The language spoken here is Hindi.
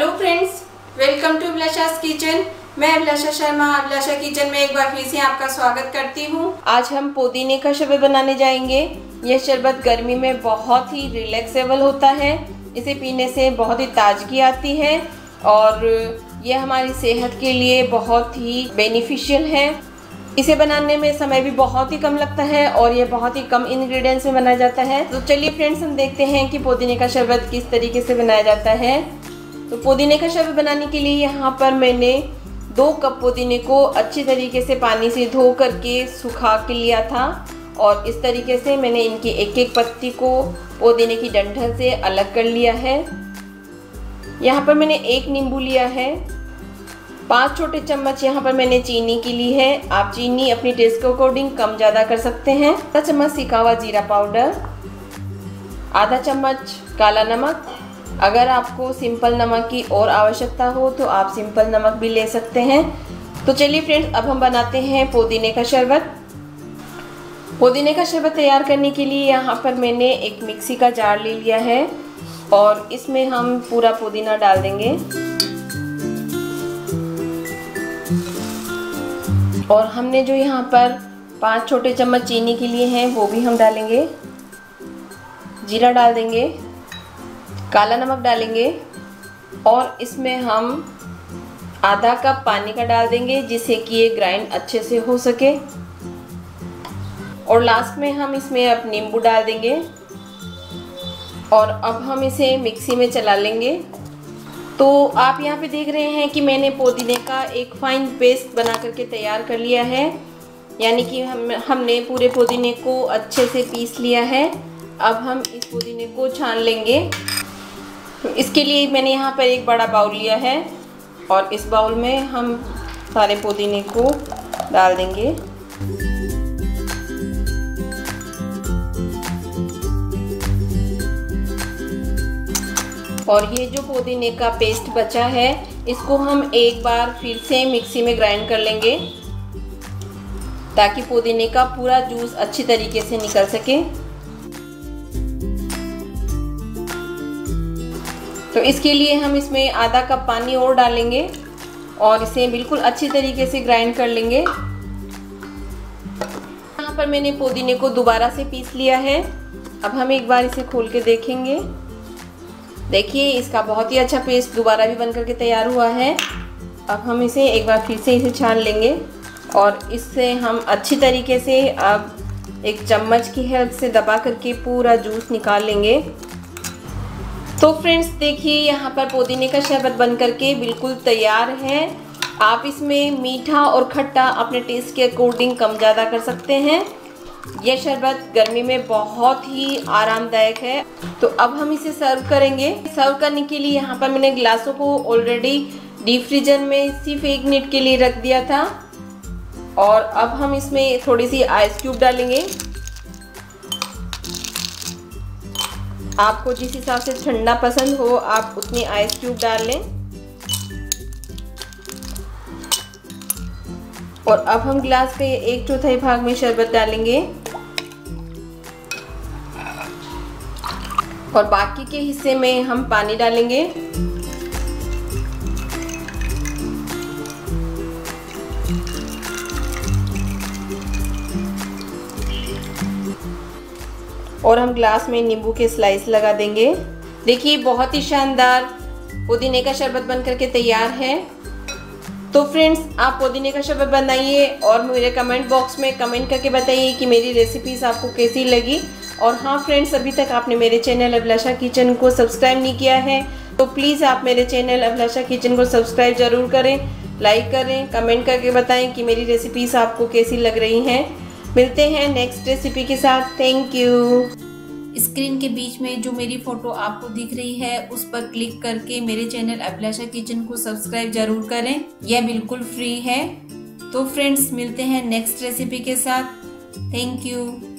hello friends welcome to Abhilasha kitchen मैं अभिलाषा शर्मा अभिलाषा किचन में एक बार फिर से आपका स्वागत करती हूँ आज हम पुदीने का शरबत बनाने जाएंगे यह शरबत गर्मी में बहुत ही रिलैक्सेबल होता है इसे पीने से बहुत ही ताजगी आती है और यह हमारी सेहत के लिए बहुत ही बेनिफिशियल है इसे बनाने में समय भी बहुत ही कम लगता है और यह बहुत ही कम इंग्रेडिएंट्स में बनाया जाता है तो चलिए फ्रेंड्स हम देखते हैं कि पुदीने का शरबत किस तरीके से बनाया जाता है तो पुदीने का शरबत बनाने के लिए यहाँ पर मैंने दो कप पुदीने को अच्छे तरीके से पानी से धो करके सुखा के लिया था और इस तरीके से मैंने इनकी एक एक पत्ती को पुदीने की डंठल से अलग कर लिया है यहाँ पर मैंने एक नींबू लिया है पाँच छोटे चम्मच यहाँ पर मैंने चीनी की ली है आप चीनी अपनी टेस्ट के अकॉर्डिंग कम ज़्यादा कर सकते हैं आधा चम्मच सिका हुआ जीरा पाउडर आधा चम्मच काला नमक अगर आपको सिंपल नमक की और आवश्यकता हो तो आप सिंपल नमक भी ले सकते हैं तो चलिए फ्रेंड्स अब हम बनाते हैं पुदीने का शरबत पुदीने का शरबत तैयार करने के लिए यहाँ पर मैंने एक मिक्सी का जार ले लिया है और इसमें हम पूरा पुदीना डाल देंगे और हमने जो यहाँ पर पाँच छोटे चम्मच चीनी के लिए हैं वो भी हम डालेंगे जीरा डाल देंगे काला नमक डालेंगे और इसमें हम आधा कप पानी का डाल देंगे जिससे कि ये ग्राइंड अच्छे से हो सके और लास्ट में हम इसमें अब नींबू डाल देंगे और अब हम इसे मिक्सी में चला लेंगे तो आप यहाँ पे देख रहे हैं कि मैंने पुदीने का एक फाइन पेस्ट बना करके तैयार कर लिया है यानी कि हम हमने पूरे पुदीने को अच्छे से पीस लिया है अब हम इस पुदीने को छान लेंगे इसके लिए मैंने यहाँ पर एक बड़ा बाउल लिया है और इस बाउल में हम सारे पुदीने को डाल देंगे और ये जो पुदीने का पेस्ट बचा है इसको हम एक बार फिर से मिक्सी में ग्राइंड कर लेंगे ताकि पुदीने का पूरा जूस अच्छी तरीके से निकल सके तो इसके लिए हम इसमें आधा कप पानी और डालेंगे और इसे बिल्कुल अच्छी तरीके से ग्राइंड कर लेंगे यहाँ पर मैंने पुदीने को दोबारा से पीस लिया है अब हम एक बार इसे खोल के देखेंगे देखिए इसका बहुत ही अच्छा पेस्ट दोबारा भी बन करके तैयार हुआ है अब हम इसे एक बार फिर से इसे छान लेंगे और इससे हम अच्छी तरीके से अब एक चम्मच की हेल्प से दबा करके पूरा जूस निकाल लेंगे तो फ्रेंड्स देखिए यहाँ पर पुदीने का शरबत बन करके बिल्कुल तैयार है आप इसमें मीठा और खट्टा अपने टेस्ट के अकॉर्डिंग कम ज़्यादा कर सकते हैं यह शरबत गर्मी में बहुत ही आरामदायक है तो अब हम इसे सर्व करेंगे सर्व करने के लिए यहाँ पर मैंने ग्लासों को ऑलरेडी डीप फ्रीजर में सिर्फ एक मिनट के लिए रख दिया था और अब हम इसमें थोड़ी सी आइस क्यूब डालेंगे आपको जिस हिसाब से ठंडा पसंद हो आप उसमें आइस क्यूब डाल लें और अब हम ग्लास के एक चौथाई भाग में शरबत डालेंगे और बाकी के हिस्से में हम पानी डालेंगे और हम ग्लास में नींबू के स्लाइस लगा देंगे देखिए बहुत ही शानदार पुदीने का शरबत बन करके तैयार है तो फ्रेंड्स आप पुदीने का शरबत बनाइए और मेरे कमेंट बॉक्स में कमेंट करके बताइए कि मेरी रेसिपीज़ आपको कैसी लगी और हाँ फ्रेंड्स अभी तक आपने मेरे चैनल अभिलाषा किचन को सब्सक्राइब नहीं किया है तो प्लीज़ आप मेरे चैनल अभिलाषा किचन को सब्सक्राइब ज़रूर करें लाइक करें कमेंट करके बताएं कि मेरी रेसिपीज़ आपको कैसी लग रही हैं मिलते हैं नेक्स्ट रेसिपी के साथ थैंक यू स्क्रीन के बीच में जो मेरी फोटो आपको दिख रही है उस पर क्लिक करके मेरे चैनल अभिलाषा किचन को सब्सक्राइब जरूर करें यह बिल्कुल फ्री है तो फ्रेंड्स मिलते हैं नेक्स्ट रेसिपी के साथ थैंक यू